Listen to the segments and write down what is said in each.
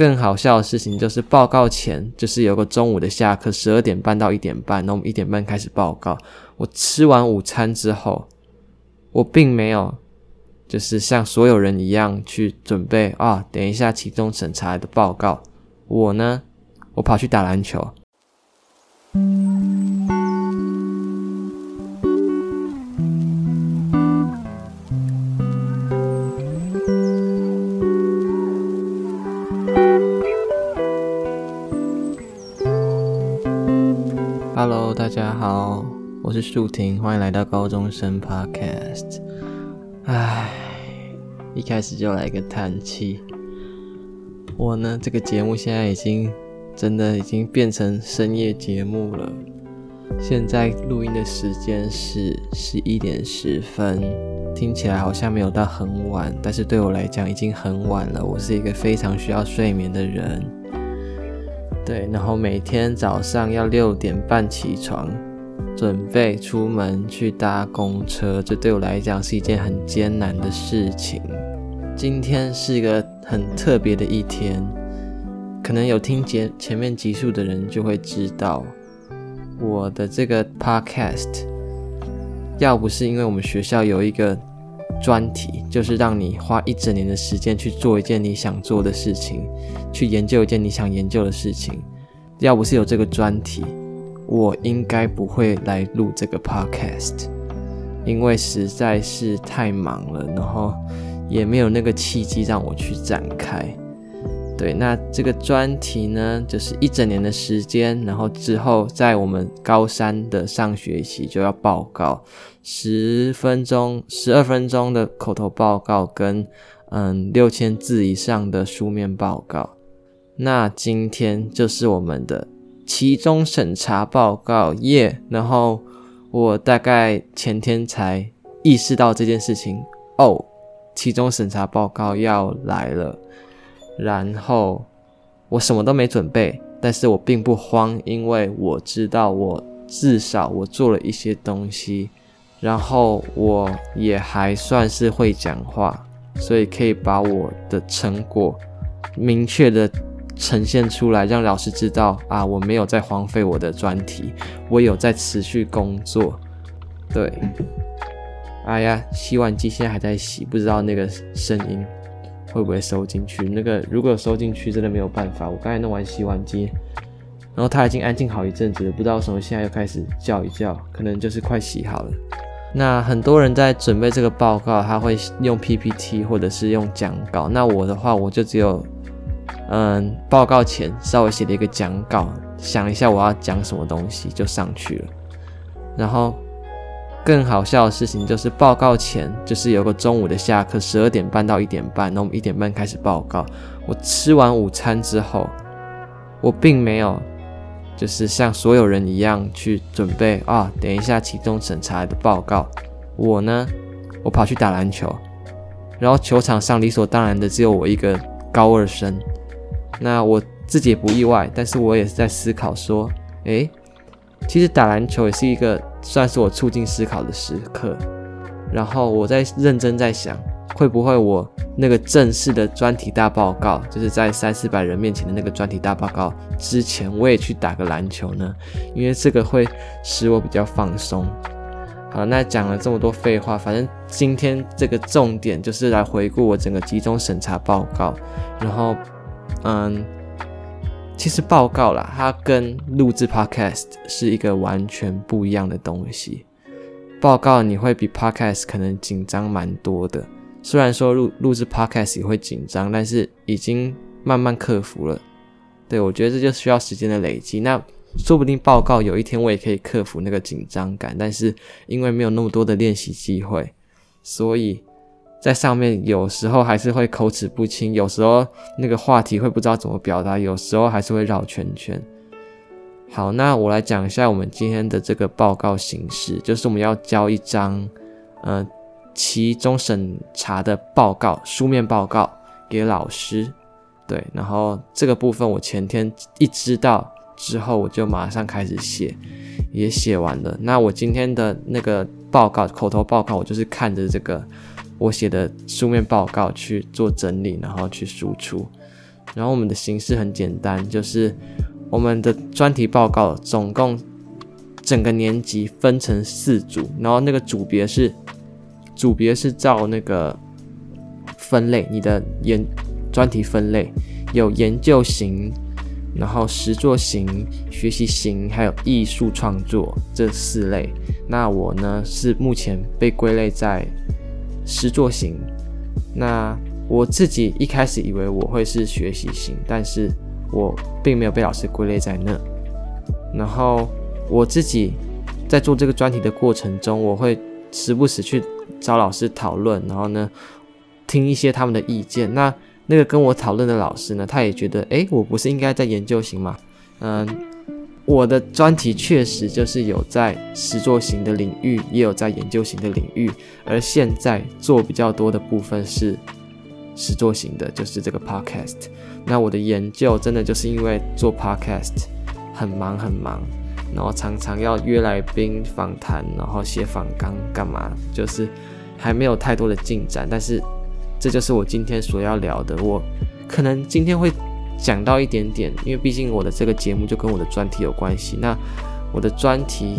更好笑的事情就是報告前，就是有個中午的下課，十二點半到一點半，那我們一點半開始報告。我吃完午餐之後，我並沒有，就是像所有人一樣去準備啊，等一下期中審查的報告。我呢，我跑去打籃球。 大家好，我是樹婷，歡迎來到高中生 Podcast。唉，一開始就來個嘆氣。我呢，這個節目現在已經真的已經變成深夜節目了。現在錄音的時間是十一點十分，聽起來好像沒有到很晚，但是對我來講已經很晚了。我是一個非常需要睡眠的人。對，然後每天早上要六點半起床，準備出門去搭公車，這對我來講是一件很艱難的事情。今天是一個很特別的一天，可能有聽前前面集數的人就會知道，我的這個 podcast 要不是因為我們學校有一個。專題就是讓你花一整年的時間去做一件你想做的事情，去研究一件你想研究的事情。要不是有這個專題，我應該不會來錄這個 podcast，因為實在是太忙了，然後也沒有那個契機讓我去展開。對，那這個專題呢，就是一整年的時間，然後之後在我們高三的上學期就要報告。十分鐘、十二分鐘的口頭報告跟，跟嗯，六千字以上的書面報告。那今天就是我們的期中審查報告耶。Yeah, 然後我大概前天才意識到這件事情哦，期中審查報告要來了。然後我什麼都沒準備，但是我並不慌，因為我知道我至少我做了一些東西。然後我也還算是會講話，所以可以把我的成果明確的呈現出來，讓老師知道啊，我沒有在荒廢我的專題，我有在持續工作。對，哎呀，洗碗機現在還在洗，不知道那個聲音會不會收進去。那個如果收進去，真的沒有辦法。我剛才弄完洗碗機，然後它已經安靜好一陣子了，不知道為什麼現在又開始叫一叫，可能就是快洗好了。那很多人在準備這個報告，他會用 PPT 或者是用講稿。那我的話，我就只有，嗯，報告前稍微寫了一個講稿，想一下我要講什麼東西就上去了。然後更好笑的事情就是，報告前就是有個中午的下課，十二點半到一點半，那我們一點半開始報告。我吃完午餐之後，我並沒有。就是像所有人一樣去準備啊，等一下期中審查的報告。我呢，我跑去打籃球，然後球場上理所當然的只有我一個高二生。那我自己也不意外，但是我也是在思考說，誒、欸，其實打籃球也是一個算是我促進思考的時刻。然後我在認真在想。會不會我那個正式的專題大報告，就是在三四百人面前的那個專題大報告之前，我也去打個籃球呢？因為這個會使我比較放鬆。好，那講了這麼多廢話，反正今天這個重點就是來回顧我整個期中審查報告。然後，嗯，其實報告啦，它跟錄製 Podcast 是一個完全不一樣的東西。報告你會比 Podcast 可能緊張蠻多的。雖然說錄錄製 Podcast 也會緊張，但是已經慢慢克服了。對，我覺得這就需要時間的累積。那說不定報告有一天我也可以克服那個緊張感，但是因為沒有那麼多的練習機會，所以在上面有時候還是會口齒不清，有時候那個話題會不知道怎麼表達，有時候還是會繞圈圈。好，那我來講一下我們今天的這個報告形式，就是我們要交一張，嗯、呃。期中審查的報告，書面報告給老師，對。然後這個部分我前天一知道之後，我就馬上開始寫，也寫完了。那我今天的那個報告，口頭報告，我就是看着這個我寫的書面報告去做整理，然後去輸出。然後我們的形式很簡單，就是我們的專題報告總共整個年級分成四組，然後那個組別是。組別是照那個分類，你的研專題分類有研究型，然後實作型、學習型，還有藝術創作這四類。那我呢是目前被歸類在實作型。那我自己一開始以為我會是學習型，但是我並沒有被老師歸類在那。然後我自己在做這個專題的過程中，我會時不時去。找老師討論，然後呢，聽一些他們的意見。那那個跟我討論的老師呢，他也覺得，誒、欸，我不是應該在研究型嗎？嗯，我的專題確實就是有在實作型的領域，也有在研究型的領域。而現在做比較多的部分是實作型的，就是這個 podcast。那我的研究真的就是因為做 podcast 很忙很忙，然後常常要約來賓訪談，然後寫訪綱幹嘛，就是。還沒有太多的進展，但是這就是我今天所要聊的。我可能今天會講到一點點，因為畢竟我的這個節目就跟我的專題有關係。那我的專題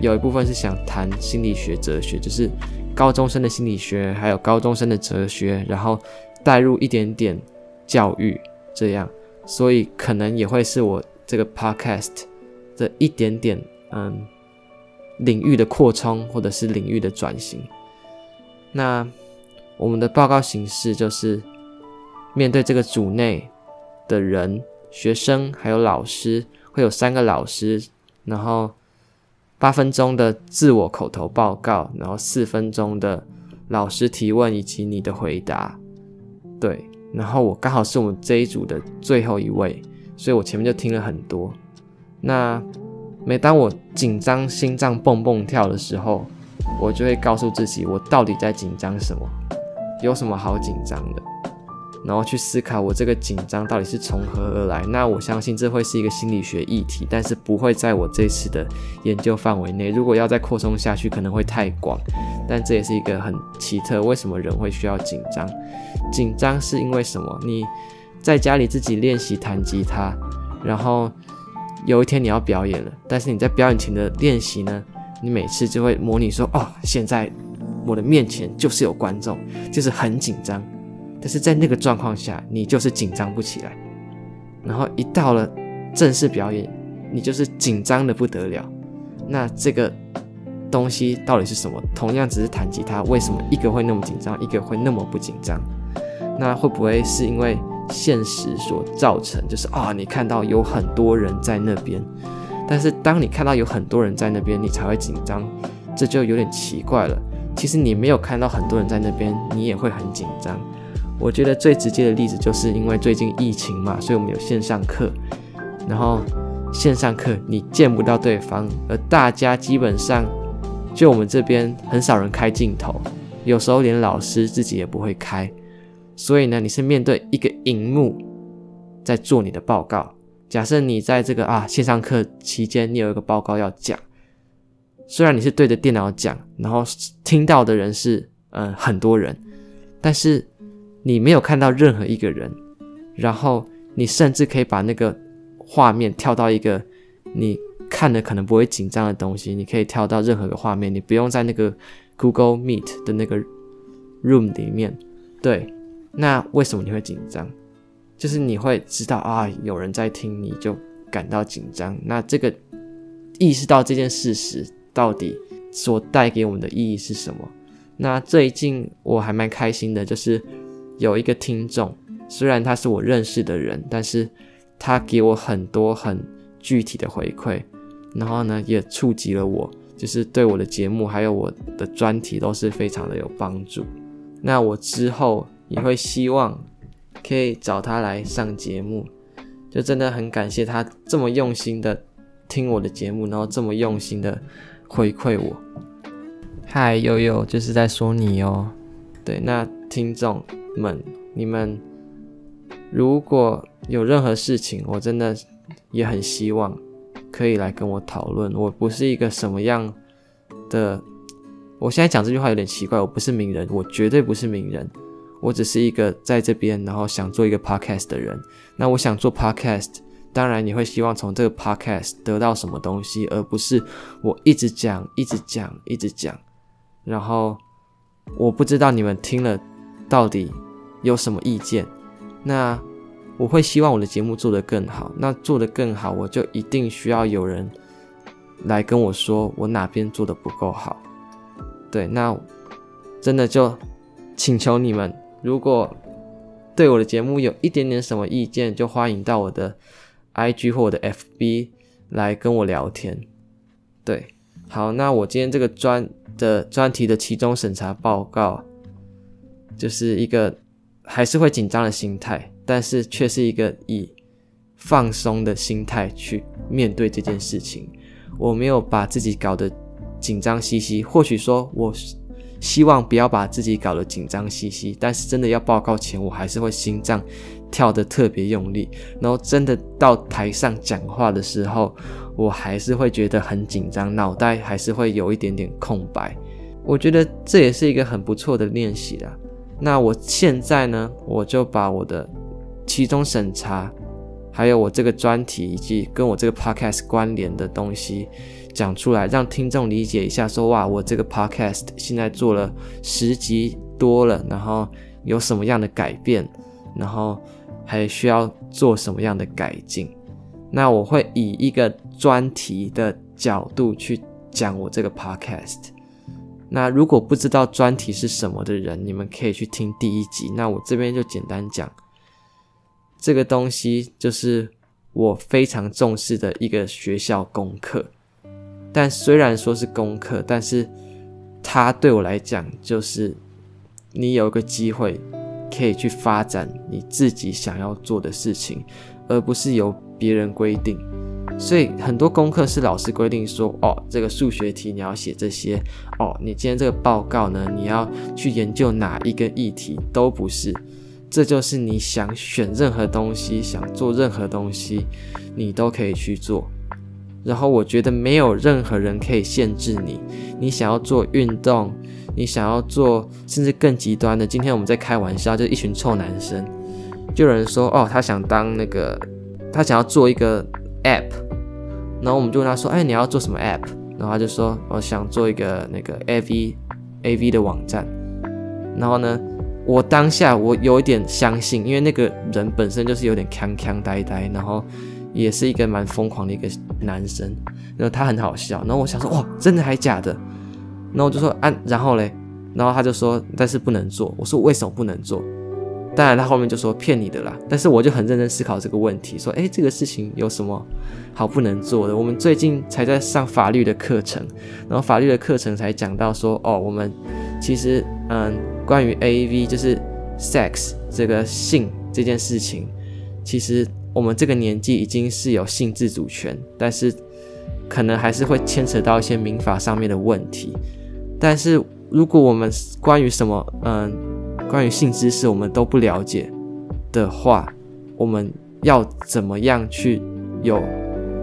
有一部分是想談心理學、哲學，就是高中生的心理學，還有高中生的哲學，然後帶入一點點教育這樣。所以可能也會是我這個 podcast 的一點點嗯領域的擴充，或者是領域的轉型。那我們的報告形式就是，面對這個組內的人、學生還有老師，會有三個老師，然後八分鐘的自我口頭報告，然後四分鐘的老師提問以及你的回答。對，然後我剛好是我們這一組的最後一位，所以我前面就聽了很多。那每當我緊張、心臟蹦蹦跳的時候，我就會告訴自己，我到底在緊張什麼？有什麼好緊張的？然後去思考我這個緊張到底是從何而來。那我相信這會是一個心理學議題，但是不會在我這次的研究範圍內。如果要再擴充下去，可能會太廣。但這也是一個很奇特，為什麼人會需要緊張？緊張是因為什麼？你在家裡自己練習彈吉他，然後有一天你要表演了，但是你在表演前的練習呢？你每次就會模擬說哦，現在我的面前就是有觀眾，就是很緊張。但是在那個狀況下，你就是緊張不起來。然後一到了正式表演，你就是緊張得不得了。那這個東西到底是什麼？同樣只是彈吉他，為什麼一個會那麼緊張，一個會那麼不緊張？那會不會是因為現實所造成？就是啊、哦，你看到有很多人在那邊。但是當你看到有很多人在那邊，你才會緊張，這就有點奇怪了。其實你沒有看到很多人在那邊，你也會很緊張。我覺得最直接的例子就是因為最近疫情嘛，所以我們有線上課，然後線上課你見不到對方，而大家基本上就我們這邊很少人開鏡頭，有時候連老師自己也不會開，所以呢，你是面對一個熒幕在做你的報告。假設你在這個啊線上課期間，你有一個報告要講，雖然你是對着電腦講，然後聽到的人是嗯很多人，但是你沒有看到任何一個人，然後你甚至可以把那個畫面跳到一個你看了可能不會緊張的東西，你可以跳到任何一個畫面，你不用在那個 Google Meet 的那個 room 裡面。對，那為什麼你會緊張？就是你會知道啊，有人在聽，你就感到緊張。那這個意識到這件事實，到底所帶給我們的意義是什麼？那最近我還蠻開心的，就是有一個聽眾，雖然他是我認識的人，但是他給我很多很具體的回饋，然後呢，也觸及了我，就是對我的節目還有我的專題都是非常的有幫助。那我之後也會希望。可以找他來上節目，就真的很感謝他這麼用心的聽我的節目，然後這麼用心的回饋我。嗨，悠悠，就是在說你哦。對，那聽眾們，你們如果有任何事情，我真的也很希望可以來跟我討論。我不是一個什麼樣的，我現在講這句話有點奇怪，我不是名人，我絕對不是名人。我只是一個在這邊，然後想做一個 podcast 的人。那我想做 podcast，當然你會希望從這個 podcast 得到什麼東西，而不是我一直講、一直講、一直講。然後我不知道你們聽了到底有什麼意見。那我會希望我的節目做得更好。那做得更好，我就一定需要有人來跟我說我哪邊做得不夠好。對，那真的就請求你們。如果對我的節目有一點點什麼意見，就歡迎到我的 IG 或我的 FB 來跟我聊天。對，好，那我今天這個專的專題的期中審查報告，就是一個還是會緊張的心態，但是卻是一個以放鬆的心態去面對這件事情。我沒有把自己搞得緊張兮兮，或許說我。希望不要把自己搞得緊張兮兮，但是真的要報告前，我還是會心臟跳得特別用力，然後真的到台上講話的時候，我還是會覺得很緊張，腦袋還是會有一點點空白。我覺得這也是一個很不錯的練習啦。那我現在呢，我就把我的期中審查，還有我這個專題以及跟我這個 podcast 關聯的東西。講出來，讓聽眾理解一下說。說哇，我這個 podcast 現在做了十集多了，然後有什麼樣的改變，然後還需要做什麼樣的改進。那我會以一個專題的角度去講我這個 podcast。那如果不知道專題是什麼的人，你們可以去聽第一集。那我這邊就簡單講，這個東西就是我非常重視的一個學校功課。但雖然說是功課，但是它對我來講就是，你有一個機會，可以去發展你自己想要做的事情，而不是由別人規定。所以很多功課是老師規定說，哦，這個數學題你要寫這些，哦，你今天這個報告呢，你要去研究哪一個議題，都不是。這就是你想選任何東西，想做任何東西，你都可以去做。然後我覺得沒有任何人可以限制你，你想要做運動，你想要做，甚至更極端的。今天我們在開玩笑，就是一群臭男生，就有人說，哦，他想當那個，他想要做一個 app，然後我們就問他說，哎，你要做什麼 app？然後他就說，我、哦、想做一個那個 AV AV 的網站。然後呢，我當下我有一點相信，因為那個人本身就是有點憨憨呆呆呆，然後。也是一個蠻瘋狂的一個男生，然後他很好笑，然後我想說，哇，真的還假的？然後我就說，啊，然後嘞，然後他就說，但是不能做。我說，為什麼不能做？當然，他後面就說騙你的啦。但是我就很認真思考這個問題，說，誒，這個事情有什麼好不能做的？我們最近才在上法律的課程，然後法律的課程才講到說，哦，我們其實，嗯，關於 AV 就是 sex 這個性這件事情，其實。我們這個年紀已經是有性自主權，但是可能還是會牽扯到一些民法上面的問題。但是如果我們關於什麼，嗯，關於性知識我們都不了解的話，我們要怎麼樣去有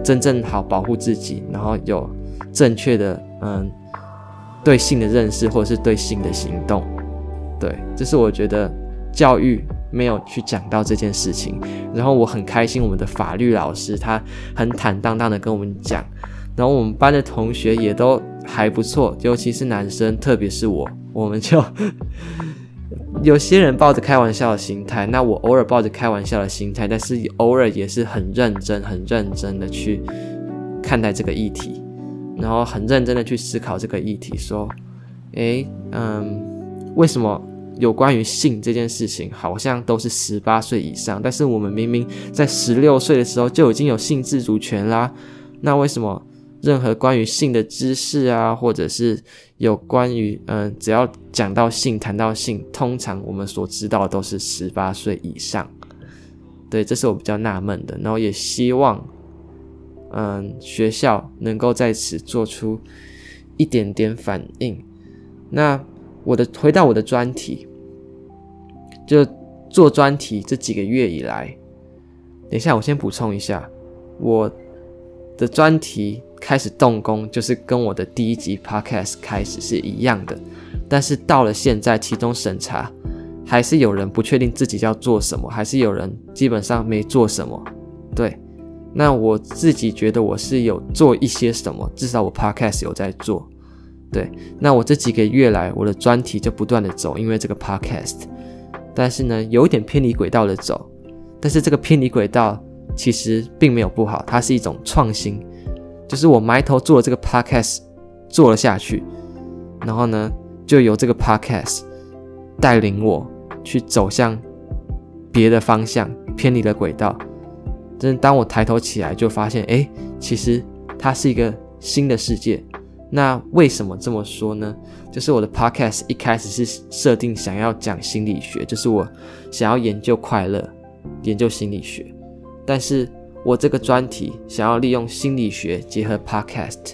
真正好保護自己，然後有正確的，嗯，對性的認識或者是對性的行動？對，這是我覺得教育。沒有去講到這件事情，然後我很開心，我們的法律老師他很坦蕩蕩的跟我們講，然後我們班的同學也都還不錯，尤其是男生，特別是我，我們就 有些人抱着開玩笑的心態，那我偶爾抱着開玩笑的心態，但是偶爾也是很認真、很認真的去看待這個議題，然後很認真的去思考這個議題，說，誒，嗯，為什麼？有關於性這件事情，好像都是十八歲以上，但是我們明明在十六歲的時候就已經有性自主權啦。那為什麼任何關於性的知識啊，或者是有關於嗯，只要講到性、談到性，通常我們所知道都是十八歲以上？對，這是我比較納悶的，然後也希望嗯，學校能夠在此做出一點點反應。那我的回到我的專題。就做專題這幾個月以來，等一下我先補充一下，我的專題開始動工就是跟我的第一集 podcast 開始是一樣的，但是到了現在，期中審查還是有人不確定自己要做什麼，還是有人基本上沒做什麼。對，那我自己覺得我是有做一些什麼，至少我 podcast 有在做。對，那我這幾個月來，我的專題就不斷地走，因為這個 podcast。但是呢，有一點偏離軌道的走，但是這個偏離軌道其實並沒有不好，它是一種創新，就是我埋頭做了這個 podcast 做了下去，然後呢，就由這個 podcast 帶領我去走向別的方向，偏離了軌道。但是當我抬頭起來，就發現，誒，其實它是一個新的世界。那為什麼這麼說呢？就是我的 podcast 一開始是設定想要講心理學，就是我想要研究快樂，研究心理學。但是我這個專題想要利用心理學結合 podcast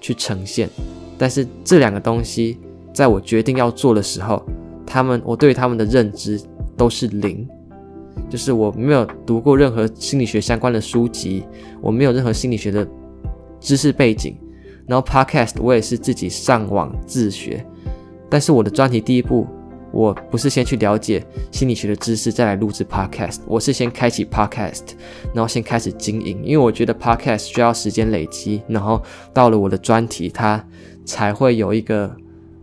去呈現，但是這兩個東西在我決定要做的時候，他們，我對他們的認知都是零，就是我沒有讀過任何心理學相關的書籍，我沒有任何心理學的知識背景。然後 Podcast 我也是自己上網自學，但是我的專題第一步，我不是先去了解心理學的知識再來錄製 Podcast，我是先開啟 Podcast，然後先開始經營，因為我覺得 Podcast 需要時間累積，然後到了我的專題它才會有一個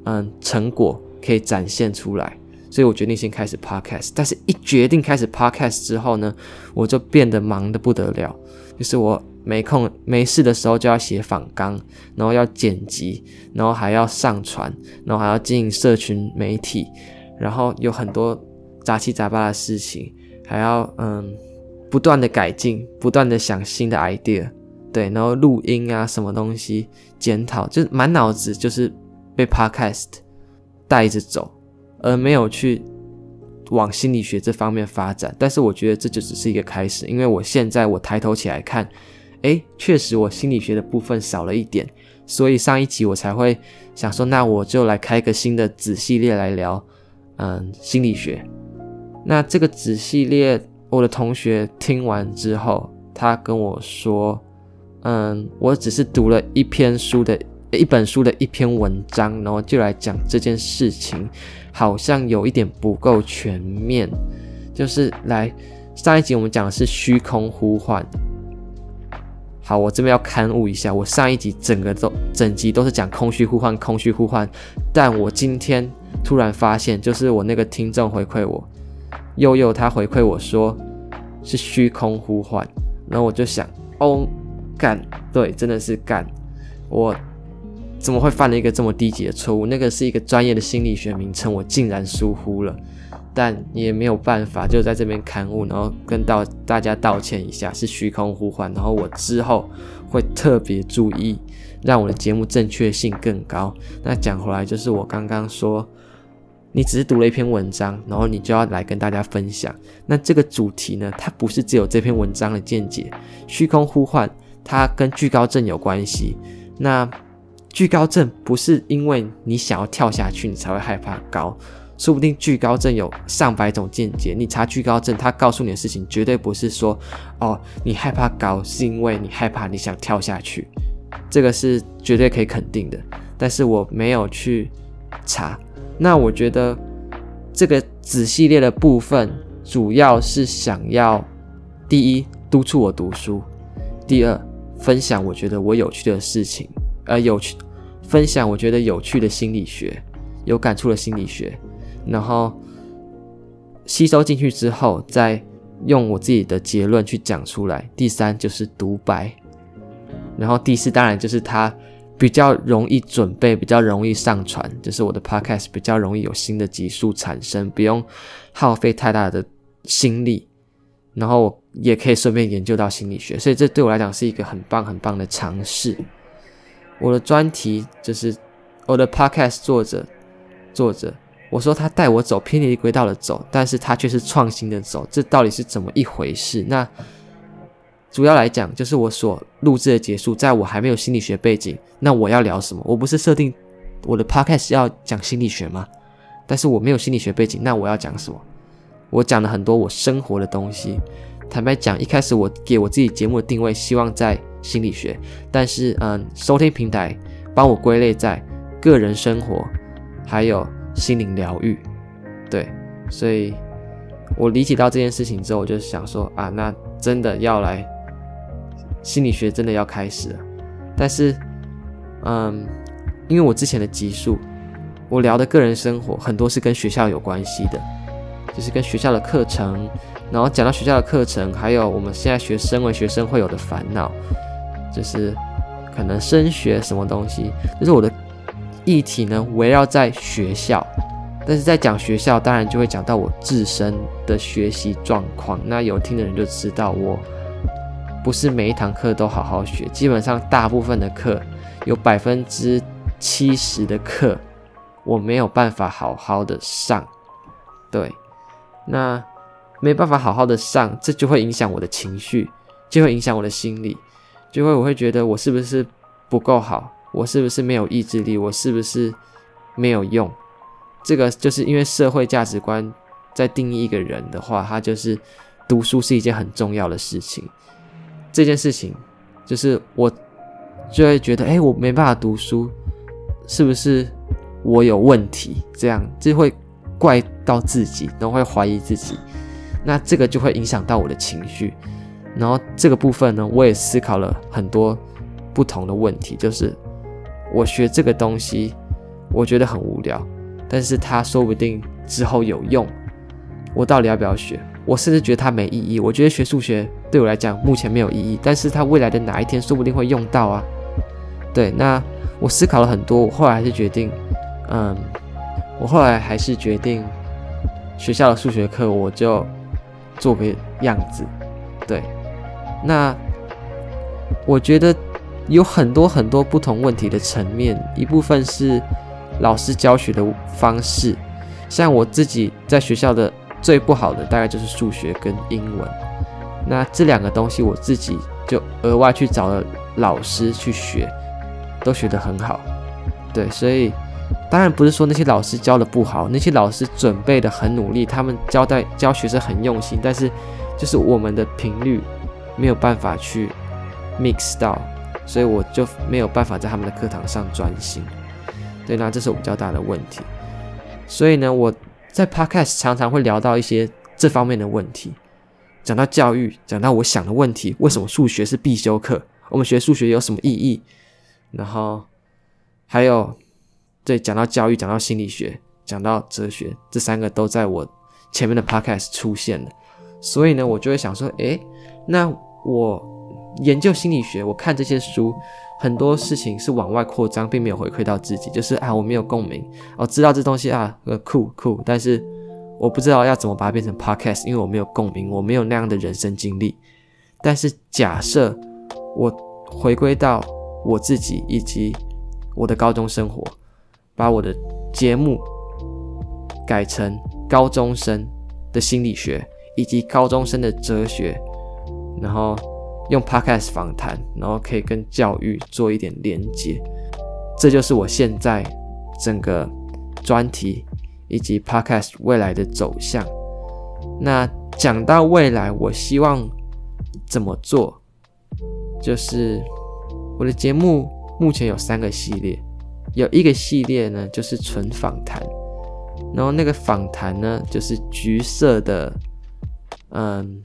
嗯成果可以展現出來，所以我決定先開始 Podcast。但是一決定開始 Podcast 之後呢，我就變得忙得不得了，就是我。沒空沒事的時候就要寫訪綱，然後要剪輯，然後還要上傳，然後還要經營社群媒體，然後有很多雜七雜八的事情，還要嗯不斷的改進，不斷的想新的 idea，對，然後錄音啊什麼東西，檢討，就滿腦子就是被 podcast 帶着走，而沒有去往心理學這方面發展。但是我覺得這就只是一個開始，因為我現在我抬頭起來看。哎，確實我心理學的部分少了一點，所以上一集我才會想說，那我就來開個新的子系列來聊，嗯，心理學。那這個子系列，我的同學聽完之後，他跟我說，嗯，我只是讀了一篇書的一本書的一篇文章，然後就來講這件事情，好像有一點不夠全面。就是來上一集我們講的是虛空呼喚。好，我這邊要勘誤一下。我上一集整個都整集都是講空虛呼喚，空虛呼喚。但我今天突然發現，就是我那個聽眾回饋我，佑佑他回饋我說是虛空呼喚。然後我就想，哦，幹，對，真的是幹，我怎麼會犯了一個這麼低級的錯誤？那個是一個專業的心理學名稱，我竟然疏忽了。但你也沒有辦法，就在這邊刊物，然後跟到大家道歉一下，是虛空呼喚。然後我之後會特別注意，讓我的節目正確性更高。那講回來，就是我剛剛說，你只是讀了一篇文章，然後你就要來跟大家分享。那這個主題呢，它不是只有這篇文章的見解。虛空呼喚它跟懼高症有關係。那懼高症不是因為你想要跳下去，你才會害怕高。說不定懼高症有上百種見解，你查懼高症，他告訴你的事情絕對不是說，哦，你害怕高是因為你害怕你想跳下去，這個是絕對可以肯定的。但是我沒有去查，那我覺得這個子系列的部分主要是想要第一督促我讀書，第二分享我覺得我有趣的事情，呃，有趣，分享我覺得有趣的心理學，有感觸的心理學。然後吸收進去之後，再用我自己的結論去講出來。第三就是獨白，然後第四當然就是它比較容易準備，比較容易上傳，就是我的 podcast 比較容易有新的集數產生，不用耗費太大的心力，然後我也可以順便研究到心理學，所以這對我來講是一個很棒很棒的嘗試。我的專題就是我的 podcast 作者，作者。我說他帶我走偏離軌道的走，但是他卻是創新的走，這到底是怎麼一回事？那主要來講就是我所錄製的結束，在我還沒有心理學背景，那我要聊什麼？我不是設定我的 podcast 要講心理學嗎？但是我沒有心理學背景，那我要講什麼？我講了很多我生活的東西。坦白講，一開始我給我自己節目的定位，希望在心理學，但是嗯，收聽平台幫我歸類在個人生活，還有。心靈療癒，對，所以我理解到這件事情之後，我就想說啊，那真的要來心理學，真的要開始了。但是，嗯，因為我之前的集數，我聊的個人生活很多是跟學校有關係的，就是跟學校的課程，然後講到學校的課程，還有我們現在學生身為學生會有的煩惱，就是可能升學什麼東西，就是我的。議題呢，圍繞在學校，但是在講學校，當然就會講到我自身的學習狀況。那有聽的人就知道，我不是每一堂課都好好學，基本上大部分的課，有百分之七十的課，我沒有辦法好好的上。對，那沒辦法好好的上，這就會影響我的情緒，就會影響我的心理，就會我會覺得我是不是不夠好。我是不是沒有意志力？我是不是沒有用？這個就是因為社會價值觀在定義一個人的話，他就是讀書是一件很重要的事情。這件事情就是我就會覺得，誒、欸，我沒辦法讀書，是不是我有問題？這樣就會怪到自己，然後會懷疑自己。那這個就會影響到我的情緒。然後這個部分呢，我也思考了很多不同的問題，就是。我學這個東西，我覺得很無聊，但是他說不定之後有用。我到底要不要學？我甚至覺得它沒意義。我覺得學數學對我來講目前沒有意義，但是它未來的哪一天說不定會用到啊。對，那我思考了很多，我後來還是決定，嗯，我後來還是決定學校的數學課我就做個樣子。對，那我覺得。有很多很多不同問題的層面，一部分是老師教學的方式，像我自己在學校的最不好的大概就是數學跟英文，那這兩個東西我自己就額外去找了老師去學，都學得很好，對，所以當然不是說那些老師教得不好，那些老師準備得很努力，他們教帶，教學生很用心，但是就是我們的頻率沒有辦法去 mix 到。所以我就沒有辦法在他們的課堂上專心，對，那這是我比較大的問題。所以呢，我在 Podcast 常常會聊到一些這方面的問題，講到教育，講到我想的問題，為什麼數學是必修課？我們學數學有什麼意義？然後還有，對，講到教育，講到心理學，講到哲學，這三個都在我前面的 Podcast 出現了。所以呢，我就會想說，誒、欸，那我。研究心理學，我看這些書，很多事情是往外擴張，並沒有回饋到自己。就是啊，我沒有共鳴。我、哦、知道這東西啊，很、呃、酷酷，但是我不知道要怎麼把它變成 podcast，因為我沒有共鳴，我沒有那樣的人生經歷。但是假設我回歸到我自己以及我的高中生活，把我的節目改成高中生的心理學以及高中生的哲學，然後。用 Podcast 訪談，然後可以跟教育做一點連接，這就是我現在整個專題以及 Podcast 未來的走向。那講到未來，我希望怎麼做？就是我的節目目前有三個系列，有一個系列呢就是純訪談，然後那個訪談呢就是橘色的，嗯，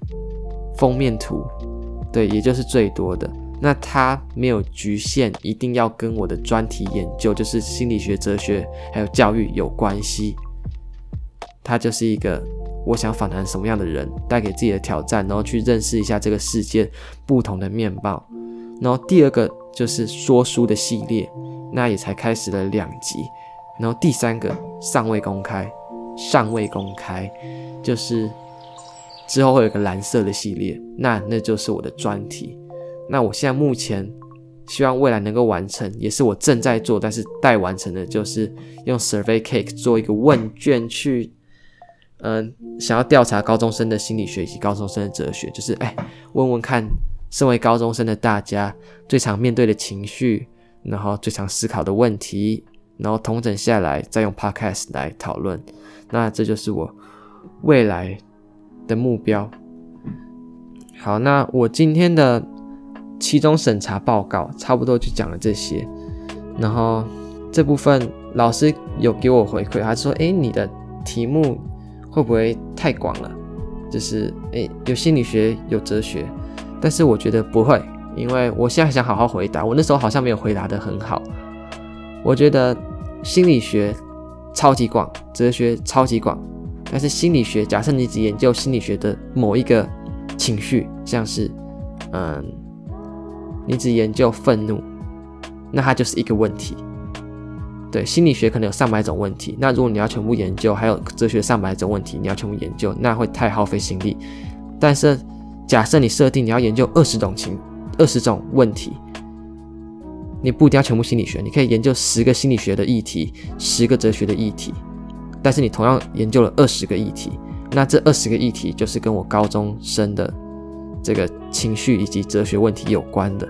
封面圖。對，也就是最多的。那它沒有局限，一定要跟我的專題研究，就是心理學、哲學還有教育有關係。它就是一個，我想訪談什麼樣的人，帶給自己的挑戰，然後去認識一下這個世界不同的面貌。然後第二個就是說書的系列，那也才開始了兩集。然後第三個尚未公開，尚未公開，就是。之後會有一個藍色的系列，那那就是我的專題。那我現在目前希望未來能夠完成，也是我正在做但是待完成的，就是用 Survey Cake 做一個問卷去，嗯、呃，想要調查高中生的心理學以及高中生的哲學，就是哎、欸、問問看，身為高中生的大家最常面對的情緒，然後最常思考的問題，然後統整下來再用 Podcast 來討論。那這就是我未來。的目標，好，那我今天的期中審查報告差不多就講了這些，然後這部分老師有給我回饋，他說：“誒、欸，你的題目會不會太廣了？就是誒、欸，有心理學，有哲學，但是我覺得不會，因為我現在想好好回答，我那時候好像沒有回答得很好，我覺得心理學超級廣，哲學超級廣。”但是心理學，假設你只研究心理學的某一個情緒，像是，嗯，你只研究憤怒，那它就是一個問題。對，心理學可能有上百種問題。那如果你要全部研究，還有哲學上百種問題，你要全部研究，那會太耗費心力。但是假設你設定你要研究二十種情，二十種問題，你不一定要全部心理學，你可以研究十個心理學的議題，十個哲學的議題。但是你同樣研究了二十個議題，那這二十個議題就是跟我高中生的這個情緒以及哲學問題有關的，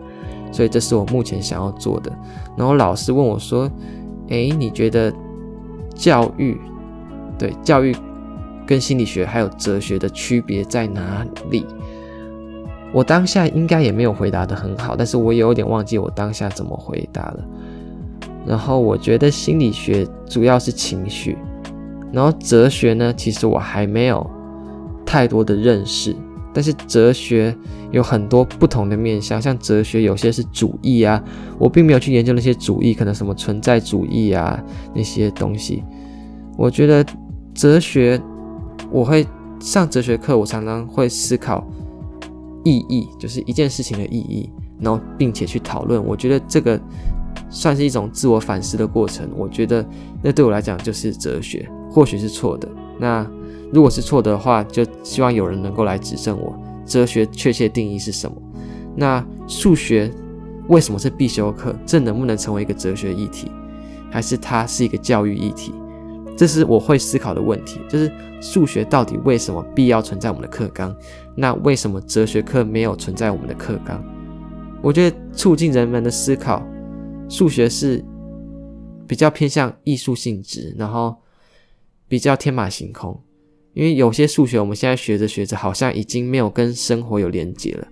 所以這是我目前想要做的。然後老師問我說：“誒、欸，你覺得教育，對，教育跟心理學還有哲學的區別在哪裡？”我當下應該也沒有回答得很好，但是我也有點忘記我當下怎麼回答了。然後我覺得心理學主要是情緒。然後哲學呢，其實我還沒有太多的認識。但是哲學有很多不同的面向，像哲學有些是主義啊，我並沒有去研究那些主義，可能什麼存在主義啊那些東西。我覺得哲學，我會上哲學課，我常常會思考意義，就是一件事情的意義，然後並且去討論。我覺得這個算是一種自我反思的過程。我覺得那對我來講就是哲學。或許是錯的。那如果是錯的話，就希望有人能夠來指正我。哲學確切定義是什麼？那數學為什麼是必修課？這能不能成為一個哲學議題？還是它是一個教育議題？這是我會思考的問題。就是數學到底為什麼必要存在我們的課綱？那為什麼哲學課沒有存在我們的課綱？我覺得促進人們的思考，數學是比較偏向藝術性質，然後。比較天馬行空，因為有些數學我們現在學着學着，好像已經沒有跟生活有連接了。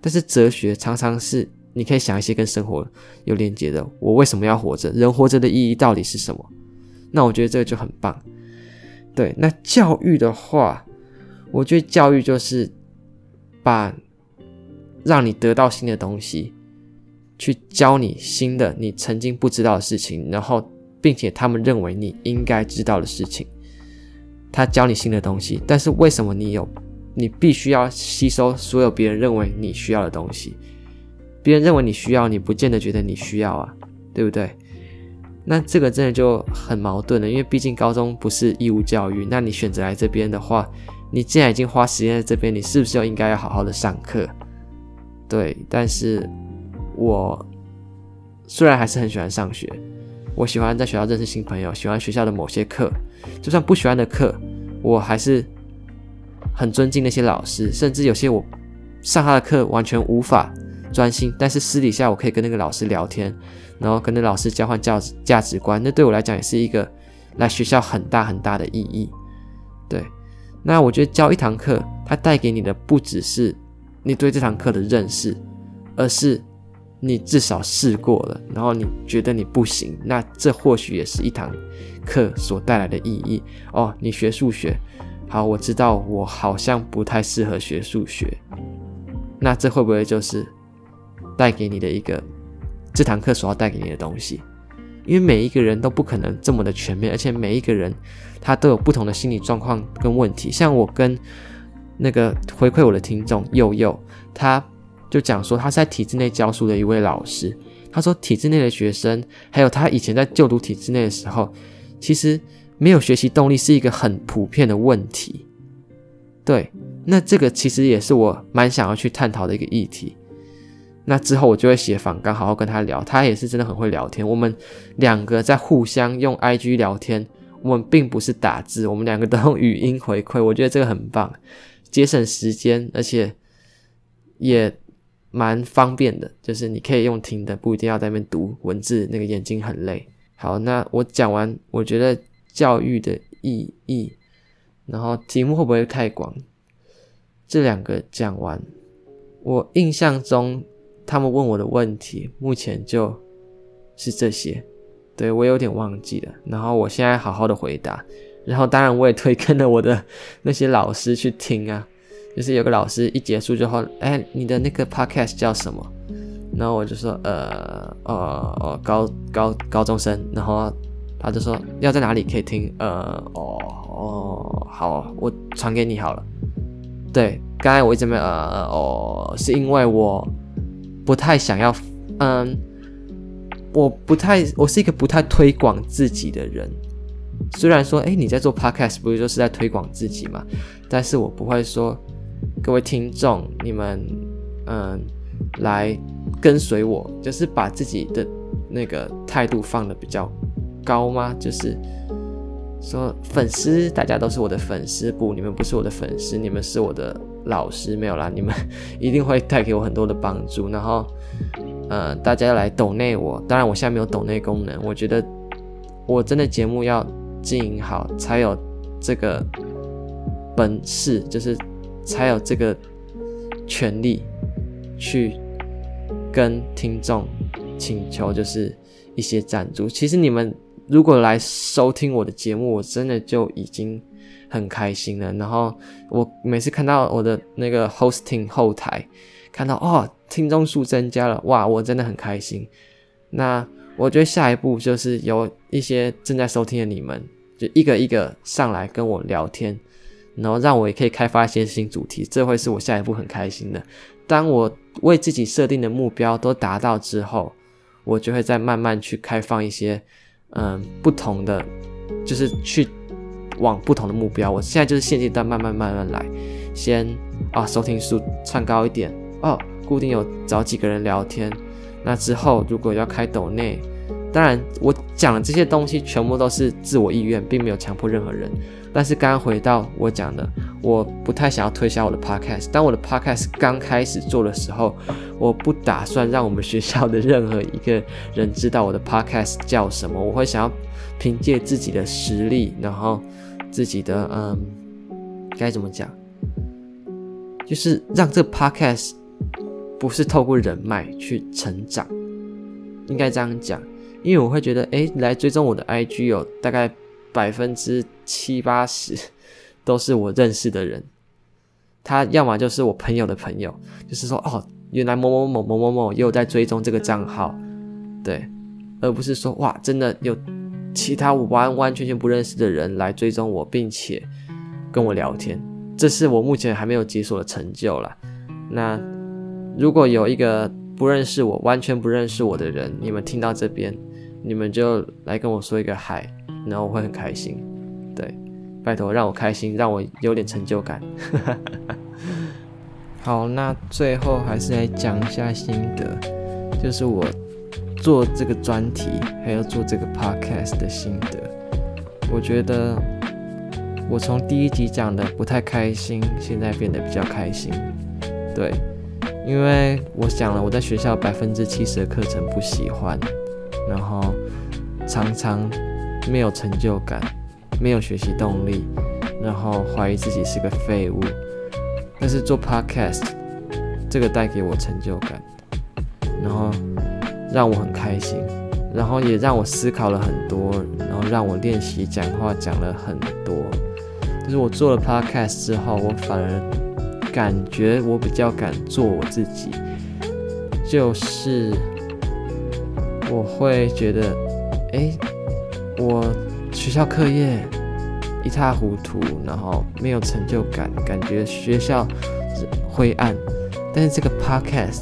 但是哲學常常是你可以想一些跟生活有連接的。我為什麼要活着？人活着的意義到底是什麼？那我覺得這個就很棒。對，那教育的話，我覺得教育就是把讓你得到新的東西，去教你新的你曾經不知道的事情，然後並且他們認為你應該知道的事情。他教你新的東西，但是為什麼你有，你必須要吸收所有別人認為你需要的東西？別人認為你需要，你不見得覺得你需要啊，對不對？那這個真的就很矛盾了，因為畢竟高中不是義務教育。那你選擇來這邊的話，你既然已經花時間在這邊，你是不是就應該要好好的上課？對，但是我雖然還是很喜歡上學。我喜歡在學校認識新朋友，喜歡學校的某些課，就算不喜歡的課，我還是很尊敬那些老師，甚至有些我上他的課完全無法專心，但是私底下我可以跟那個老師聊天，然後跟那個老師交換教價，價值觀。那對我來講也是一個來學校很大很大的意義。對，那我覺得教一堂課，它帶給你的不只是你對這堂課的認識，而是。你至少試過了，然後你覺得你不行，那這或許也是一堂課所帶來的意義哦。你學數學，好，我知道我好像不太適合學數學，那這會不會就是帶給你的一個這堂課所要帶給你的東西？因為每一個人都不可能這麼的全面，而且每一個人他都有不同的心理狀況跟問題。像我跟那個回饋我的聽眾佑佑，他。就講說他是在體制內教書的一位老師，他說體制內的學生，還有他以前在就讀體制內的時候，其實沒有學習動力是一個很普遍的問題。對，那這個其實也是我蠻想要去探討的一個議題。那之後我就會寫訪綱，好好跟他聊。他也是真的很會聊天，我們兩個在互相用 IG 聊天，我們並不是打字，我們兩個都用語音回饋。我覺得這個很棒，節省時間，而且也。蠻方便的，就是你可以用聽的，不一定要在那邊讀文字，那個眼睛很累。好，那我講完，我覺得教育的意義，然後題目會不會太廣？這兩個講完，我印象中他們問我的問題目前就是這些，對，我有點忘記了。然後我現在好好的回答，然後當然我也推跟着我的那些老師去聽啊。就是有個老師一結束之後，哎、欸，你的那個 podcast 叫什麼？然後我就說，呃，哦、呃、哦，高高高中生。然後他就說，要在哪裡可以聽？呃，哦哦，好，我傳給你好了。對，剛才我一直沒有，呃，哦，是因為我不太想要，嗯，我不太，我是一個不太推廣自己的人。雖然說，哎、欸，你在做 podcast 不是就是在推廣自己嘛？但是我不會說。各位聽眾，你們，嗯，來跟隨我，就是把自己的那個態度放的比較高嗎？就是說，粉絲，大家都是我的粉絲不？你們不是我的粉絲，你們是我的老師，沒有啦，你們 一定會帶給我很多的幫助。然後，嗯，大家來抖內我，當然我現在沒有抖內功能。我覺得，我真的節目要經營好，才有這個本事，就是。才有這個權利去跟聽眾請求，就是一些贊助。其實你們如果來收聽我的節目，我真的就已經很開心了。然後我每次看到我的那個 hosting 後台，看到，哦，聽眾數增加了，哇，我真的很開心。那我覺得下一步就是有一些正在收聽的你們，就一個一個上來跟我聊天。然後讓我也可以開發一些新主題，這會是我下一步很開心的。當我為自己設定的目標都達到之後，我就會再慢慢去開放一些，嗯，不同的，就是去往不同的目標。我現在就是現階段慢慢慢慢來，先啊、哦、收聽數串高一點哦，固定有找幾個人聊天。那之後如果要開抖內，當然我講的這些東西全部都是自我意願，並沒有強迫任何人。但是剛剛回到我講的，我不太想要推銷我的 podcast。當我的 podcast 剛開始做的時候，我不打算讓我們學校的任何一個人知道我的 podcast 叫什麼。我會想要憑借自己的實力，然後自己的嗯，該怎麼講，就是讓這個 podcast 不是透過人脈去成長，應該這樣講，因為我會覺得，哎，來追蹤我的 IG 有大概。百分之七八十都是我認識的人，他要麼就是我朋友的朋友，就是說哦，原來某，某某某某某某又在追蹤這個賬號，對，而不是說哇，真的有其他我完完全全不認識的人來追蹤我，並且跟我聊天，這是我目前還沒有解鎖的成就了。那如果有一個不認識我、完全不認識我的人，你們聽到這邊，你們就來跟我說一個嗨。然後我會很開心，對，拜託讓我開心，讓我有點成就感。 好，那最後還是來講一下心得，就是我做這個專題，還要做這個 podcast 的心得。我覺得我從第一集講的不太開心，現在變得比較開心，對，因為我講了我在學校百分之七十的課程不喜歡，然後常常。沒有成就感，沒有學習動力，然後懷疑自己是個廢物。但是做 podcast 這個帶給我成就感，然後讓我很開心，然後也讓我思考了很多，然後讓我練習講話講了很多。就是我做了 podcast 之後，我反而感覺我比較敢做我自己，就是我會覺得，誒。我學校課業一塌糊塗，然後沒有成就感，感覺學校灰暗。但是這個 Podcast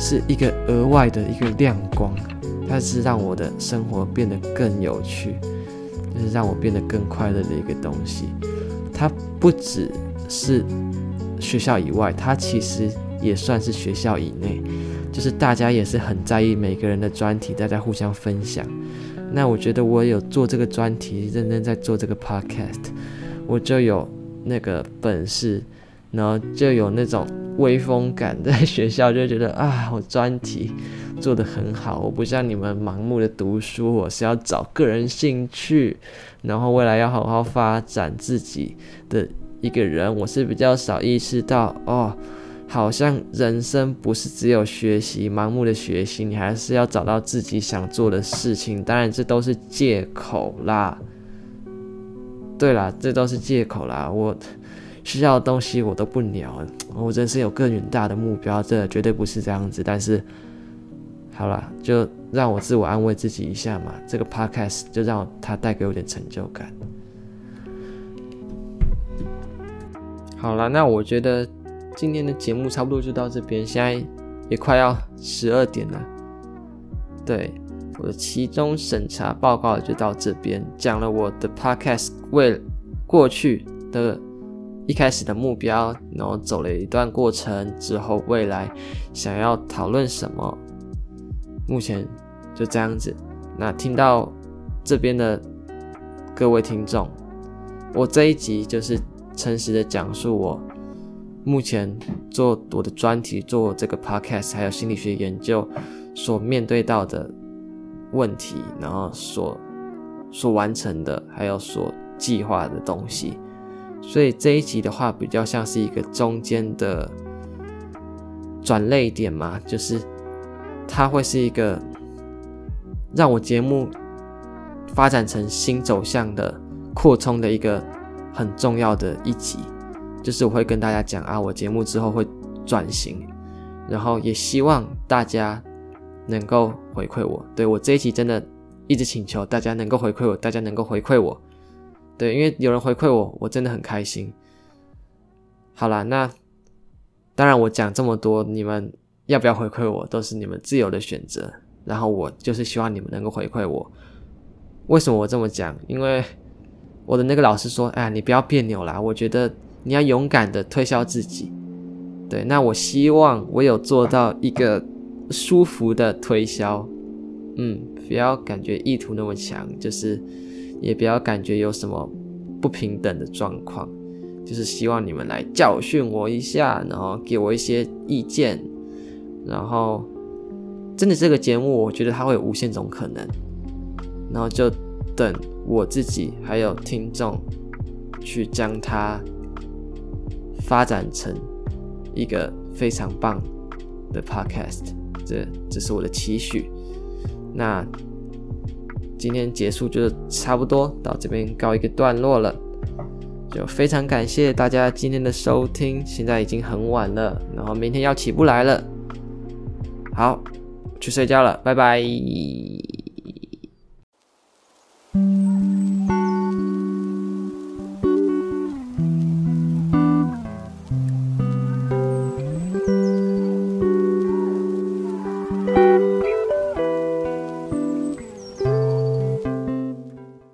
是一個額外的一個亮光，它是讓我的生活變得更有趣，就是讓我變得更快樂的一個東西。它不只是學校以外，它其實也算是學校以內。就是大家也是很在意每個人的專題，大家互相分享。那我覺得我有做這個專題，認真在做這個 podcast，我就有那個本事，然後就有那種威風感。在學校就覺得啊，我專題做得很好，我不像你們盲目的讀書，我是要找個人興趣，然後未來要好好發展自己的一個人。我是比較少意識到哦。好像人生不是只有學習，盲目的學習，你還是要找到自己想做的事情。當然，這都是借口啦。對啦，這都是借口啦。我需要的東西我都不鳥、欸，我人生有更遠大的目標，這絕對不是這樣子。但是，好啦，就讓我自我安慰自己一下嘛。這個 podcast 就讓它帶給我點成就感。好啦，那我覺得。今天的節目差不多就到這邊，現在也快要十二點了。對，我的期中審查報告就到這邊，講了我的 podcast 為過去的一開始的目標，然後走了一段過程之後，未來想要討論什麼，目前就這樣子。那聽到這邊的各位聽眾，我這一集就是誠實的講述我，目前做我的專題、做這個 podcast，還有心理學研究所面對到的問題，然後所所完成的，還有所計劃的東西，所以這一集的話，比較像是一個中間的轉捩點嘛，就是它會是一個讓我節目發展成新走向的擴充的一個很重要的一集。就是我會跟大家講啊，我節目之後會轉型，然後也希望大家能夠回饋我。對，我這一期真的一直請求大家能夠回饋我，大家能夠回饋我。對，因為有人回饋我，我真的很開心。好啦，那當然我講這麼多，你們要不要回饋我都是你們自由的選擇。然後我就是希望你們能夠回饋我。為什麼我這麼講？因為我的那個老師說，哎，你不要彆扭啦，我覺得。你要勇敢的推銷自己，對，那我希望我有做到一個舒服的推銷，嗯，不要感覺意圖那麼強，就是也不要感覺有什麼不平等的狀況，就是希望你們來教訓我一下，然後給我一些意見，然後真的這個節目，我覺得它會有無限種可能，然後就等我自己還有聽眾去將它發展成一個非常棒的 podcast，這只是我的期許。那今天結束就差不多到這邊告一個段落了，就非常感謝大家今天的收聽。現在已經很晚了，然後明天要起不來了，好，去睡覺了，拜拜。嗯